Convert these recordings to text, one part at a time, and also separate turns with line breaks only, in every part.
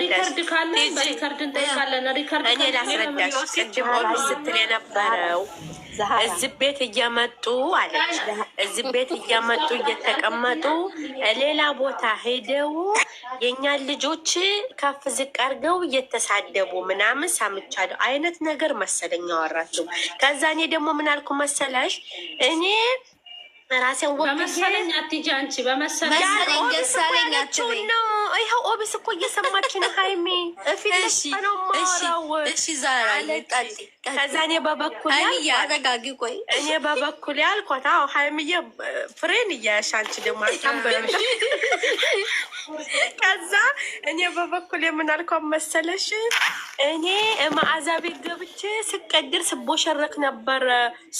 ሪከርድ ካለ በሪከርድ እንጠይቃለን። ሪከርድ
እኔ ላስረዳሽ ቅድም ስትል የነበረው እዚህ ቤት እየመጡ አለች። እዚህ ቤት እየመጡ እየተቀመጡ ሌላ ቦታ ሄደው የእኛን ልጆች ከፍ ዝቅ አድርገው እየተሳደቡ ምናምን ሳምቻለሁ አይነት ነገር መሰለኝ አወራችሁ። ከዛ እኔ ደግሞ ምን አልኩ መሰለሽ እኔ በመሰለኝ
አትሄጂ አንቺ በመሰለኝ ነው። ይኸው ኦቢስ እኮ እየሰማች ነው ሀይሚ። ከዛ እኔ በበኩሌ አልኳት አዎ ሀይሚዬ ፍሬን እያያሽ አንቺ ደግሞ ከዛ እኔ በበኩሌ ምን መሰለሽ እኔ ማዕዛ ቤት ገብቼ ስቀድር ስቦሸረክ ነበረ።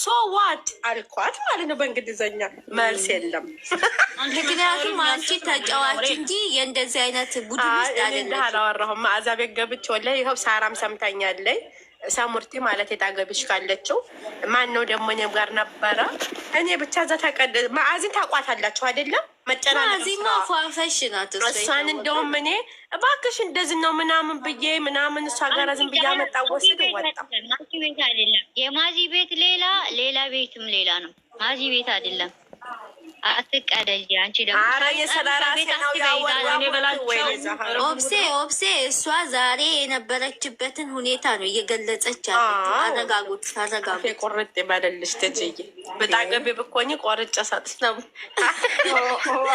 ሶ ዋት አልኳት ማለት ነው በእንግሊዝኛ። መልስ የለም።
ምክንያቱም አንቺ ተጫዋች እንጂ የእንደዚህ አይነት ቡድን ውስጥ
አላወራሁም። ማዕዛ ቤት ገብቼ ወለ ይኸው ሳራም ሰምታኛለኝ። ሰሙርቲ ማለት የታገብሽ ካለችው ማን ነው ደግሞ እኔም ጋር ነበረ። እኔ ብቻ እዛ ተቀድ ማዕዝን ታቋታላችሁ አይደለም
መጨናነቅ
እንደውም እኔ እባክሽ እንደዚህ ነው ምናምን ብዬ ምናምን እሷ ጋር ዝም ብዬ አመጣ ወስድ ወጣ።
ማዚ ቤት ሌላ ሌላ ቤትም ሌላ ነው። ማዚ ቤት አይደለም። አትቀደይ አንቺ ኦብሴ ኦብሴ እሷ ዛሬ የነበረችበትን ሁኔታ ነው እየገለጸች አረጋጉት አረጋጉት።
ይበልልሽ በጣገቢ ብኮኝ ነው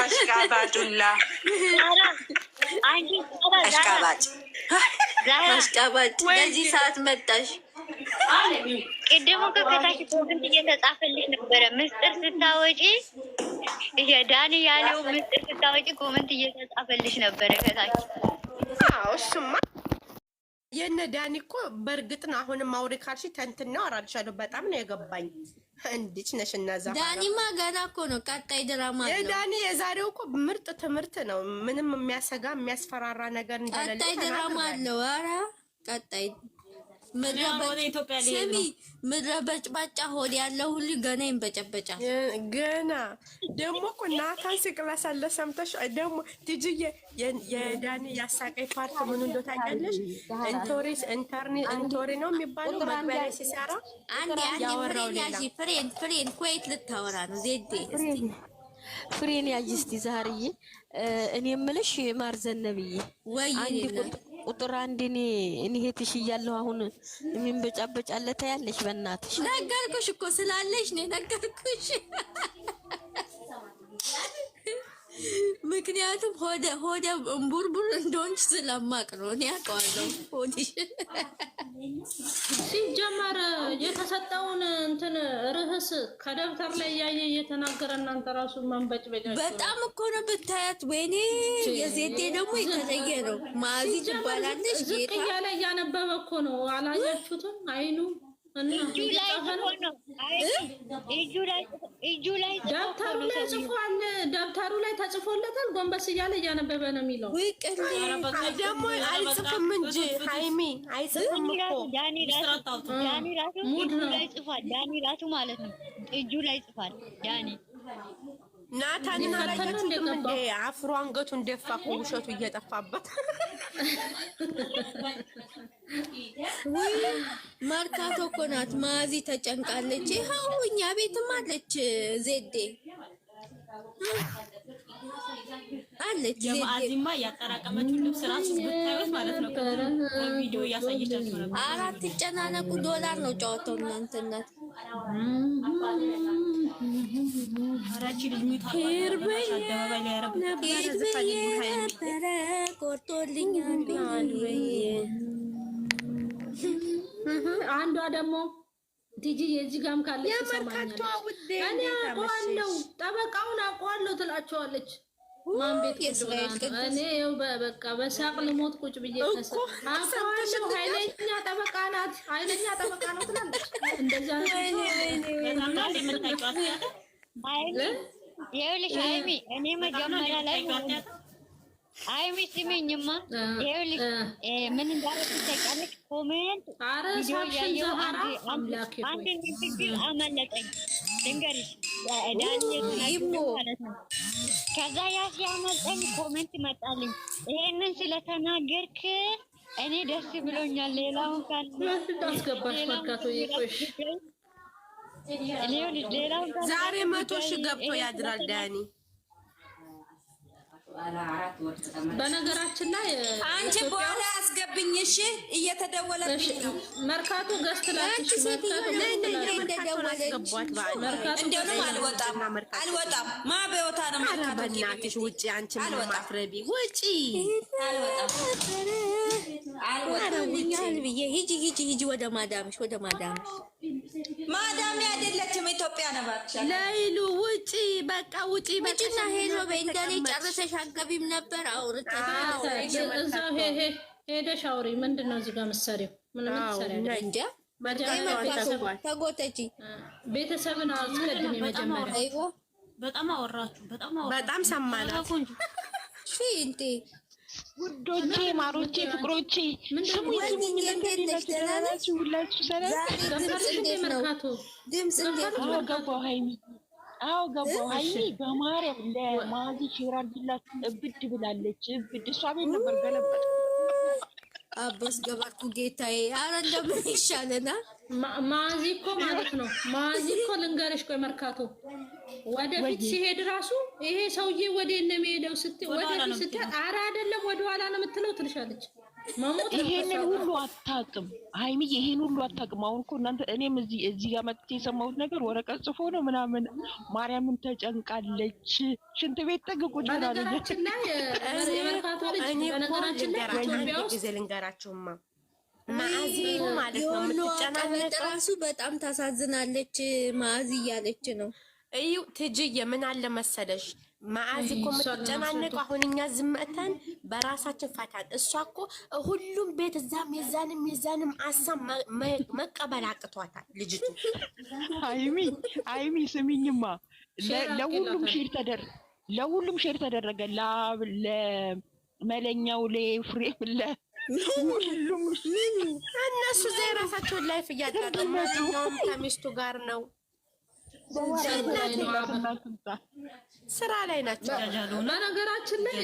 አሽቃባጩላ አሽቃባጭ
አሽቃባጭ በዚህ ሰዓት መጣሽ። ቅድሙ እኮ ከታች ኮመንት እየተጻፈልሽ ነበረ። ምስጢር ስታወጪ የዳኒ ያለው ምስጢር ስታወጪ ኮመንት እየተጻፈልሽ ነበረ ከታች።
አዎ እሱማ የእነ ዳኒ እኮ በእርግጥ ነው። አሁንም አውሪ ካልሽ ነው አወራልሻለሁ። በጣም ነው የገባኝ። እንድች ነሽ እና እዛ
ዳኒማ ገና እኮ ነው ቀጣይ ድራማ ነው።
ዳኒ የዛሬው እኮ ምርጥ ትምህርት ነው። ምንም የሚያሰጋ የሚያስፈራራ ነገር እንዳለ
ቀጣይ ድራማ አለው። ኧረ ቀጣይ
ስሚ
ምድረ በጭባጫ ሆድ ያለው ሁሉ ገና ይንበጨበጫል።
ገና ደግሞ እኮ ናታን ሲቅላሳለ ሰምተሽ ደግሞ ትጅዬ የዳኒ ያሳቀኝ ፓርት ምን እንዶ ኢንቶሪስ ኢንተርኒ ኢንቶሪ ነው የሚባለው መግቢያ ላይ ሲሰራ
አንዴ አንዴ ፍሬን ያዢ ፍሬን ፍሬን ኩዌት ልታወራ ነው ዜዴ ፍሬን ያዢ እስቲ ዛርዬ እኔ የምልሽ ማርዘነብዬ ወይ አንድ ቁጥር አንድ እኔ እኔ እህትሽ እያለሁ አሁን የሚንበጫበጫ አለ ታያለሽ። በእናትሽ ነገርኩሽ እኮ ስላለሽ ነው ነገርኩሽ። ምክንያቱም ሆደ ሆደ እምቡርቡር እንደሆንሽ ስለማቅ ነው እኔ አውቀዋለሁ ሆድሽ
ሲጀመር የተሰጠውን እንትን ርዕስ ከደብተር ላይ እያየ እየተናገረ እናንተ ራሱ መንበጭ መንበጭበጫ
በጣም እኮ ነው ብታያት። ወይኔ የዜቴ ደግሞ የተለየ ነው። ማዚ ትባላለች። ዝቅ
እያለ እያነበበ እኮ ነው። አላያችሁትም? አይኑ ደብተሩ ላይ ተጽፎለታል። ጎንበስ እያለ እያነበበ ነው የሚለው። ደግሞ አይጽፍም እንጂ ሀይሚ አይጽፍም እኮ
ዳኒ ራሱ ማለት ነው። እጁ ላይ ጽፏል ዳኒ
ናታንና ላይ አፍሮ አንገቱን ደፋ እኮ ውሸቱ እየጠፋበት
ማርካቶ እኮ ናት። ማዚ ተጨንቃለች። ይኸው እኛ ቤትም አለች ዜዴ አለች። የማአዚማ
ያጠራቀመችው ልብስ ራሱ ብታዩት ማለት ነው። ቪዲዮ እያሳየቻቸው
ነበር። አራት ጨናነቁ ዶላር ነው ጨዋታው። እናንተነት ነበረ ቆርጦልኛል።
አንዷ ደግሞ ቲጂ የዚህ ጋም ካለች ይሰማኛል። እኔ አውቀዋለሁ፣ ጠበቃውን አውቀዋለሁ ትላቸዋለች ማን ቤት
እኔ ይኸው በቃ በሳቅ ልሞት ቁጭ ብዬ
ተሰማሁ። ኃይለኛ ጠበቃ ናት፣ ኃይለኛ ጠበቃ ነው ትላለች።
ይኸውልሽ አይሚ እኔ መጀመሪያ ላይ አይሚ ስሚኝማ፣ ይኸውልሽ ምን እንዳደረግሽ ታውቂያለሽ? ኮሜንት
ቪዲዮ እያየሁ
አንድ ንግግር አመለጠኝ፣ ድንገርሽ ከዛ ያ ሲያመልጠኝ ኮመንት ይመጣልኝ ይሄንን ስለተናገርክ እኔ ደስ ብሎኛል። ሌላውን
ሌላውን ዛሬ መቶ ሺህ ገብቶ ያድራል ዳኒ በነገራችን ላይ
አንቺ በኋላ አስገብኝ። እሺ፣ እየተደወለብኝ ነው።
መርካቶ ገዝት ላንቺ
አልወጣም አልወጣም። ማበዮታ ነው
መርካቶ ውጪ። አንቺ አልወጣም፣ ውጪ አልወጣም
አልወጣልኛል ብዬ ሂጂ ሂጂ ሂጂ ወደ ማዳምሽ ወደ ማዳምሽ። ማዳሜ አይደለችም ኢትዮጵያ ነው ለይሉ ውጪ በቃ ውጪ በጭና ሄሎ በእንደኔ ጨርሰሽ አገቢም ነበር አውርተ
ሄደሽ አውሪ። ምንድን ነው እዚህ ጋር መሰሪው ምንም
ሰሪያ ተጎተች
ቤተሰብን አስቀድሜ መጀመሪያ በጣም አወራችሁ
በጣም ሰማላ እንዴ
ውዶቼ ማሮቼ ፍቅሮቼ ስሙ ሁላችሁ አዎ ገባሁ። ሀይሚ በማርያም ለማዚ ሽራድላት እብድ ብላለች። እብድ እሷ ቤት ነበር ገለበጥ
አባስ ገባኩ ጌታዬ። አረ እንደምን ይሻለናል።
ማዚ እኮ ማለት ነው ማዚ እኮ ልንገርሽ፣ ቆይ መርካቶ ወደፊት ሲሄድ ራሱ ይሄ ሰውዬ ወደ እነ የሚሄደው ስትይ ወደፊት ስትይ አረ አይደለም ወደኋላ ነው የምትለው ትልሻለች። ይሄንን ሁሉ አታውቅም ይሄን ሁሉ አታውቅም። አሁን እኮ እናንተ እኔም እዚህ እዚህ ጋር መጥቼ የሰማሁት ነገር ወረቀት ጽፎ ነው ምናምን ማርያምን ተጨንቃለች፣ ሽንት ቤት ማለት ነው
የምትጨናነቀው በጣም ታሳዝናለች። ማዚ እያለች ነው እዩ ትጅዬ ምን አለ መሰለሽ፣ መዓዚ እኮ የምትጨናነቀው አሁን እኛ ዝምተን በራሳችን ፈታን። እሷ እኮ ሁሉም ቤት እዛም የዛንም የዛንም አሳብ መቀበል አቅቷታል ልጅቱ።
አይሚ አይሚ ስሚኝማ፣ ለሁሉም ሼር ተደር ለሁሉም ሼር ተደረገ፣ ላብ ለመለኛው፣ ለኤፍሬም ለ ሁሉም
እነሱ ዘይ ራሳቸውን ላይፍ እያዳጡ ከሚስቱ ጋር ነው ስራ ላይ ናቸው።
በነገራችን ላይ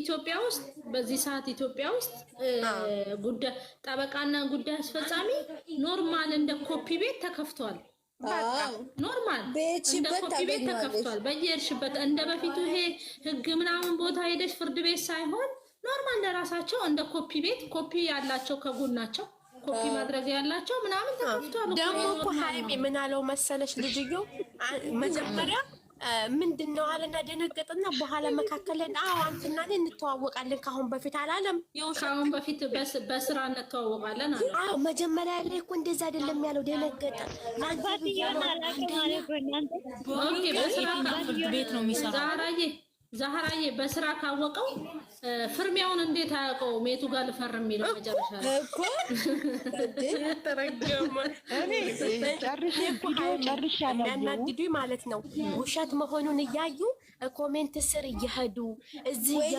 ኢትዮጵያ ውስጥ በዚህ ሰዓት ኢትዮጵያ ውስጥ ጉዳይ ጠበቃና ጉዳይ አስፈጻሚ ኖርማል እንደ ኮፒ ቤት ተከፍቷል። ኖርማል
እንደ ኮፒ ቤት ተከፍቷል።
በየሄድሽበት እንደ በፊቱ ይሄ ህግ ምናምን ቦታ ሄደሽ ፍርድ ቤት ሳይሆን ኖርማል ለራሳቸው እንደ ኮፒ ቤት ኮፒ ያላቸው ከጎናቸው ኮፒ ማድረግ ያላቸው ምናምን ተከፍቷል።
ደግሞ እኮ ሀይሜ ምን አለው መሰለሽ ልጅየው መጀመሪያ ምንድን ነው አለና ደነገጥና፣ በኋላ መካከልን አዎ አንተና እኔ እንተዋወቃለን ከአሁን በፊት አላለም።
ከአሁን በፊት በስራ እንተዋወቃለን አለ።
አዎ መጀመሪያ ላይ እኮ እንደዛ አይደለም ያለው፣ ደነገጠ።
ቤት ነው የሚሰራው ዛህራዬ በስራ ካወቀው ፍርሚያውን እንዴት አያውቀው? ሜቱ ጋር ልፈርም የሚለው
መጨረሻ ማለት ነው። ውሸት መሆኑን እያዩ ኮሜንት ስር እየሄዱ እዚህ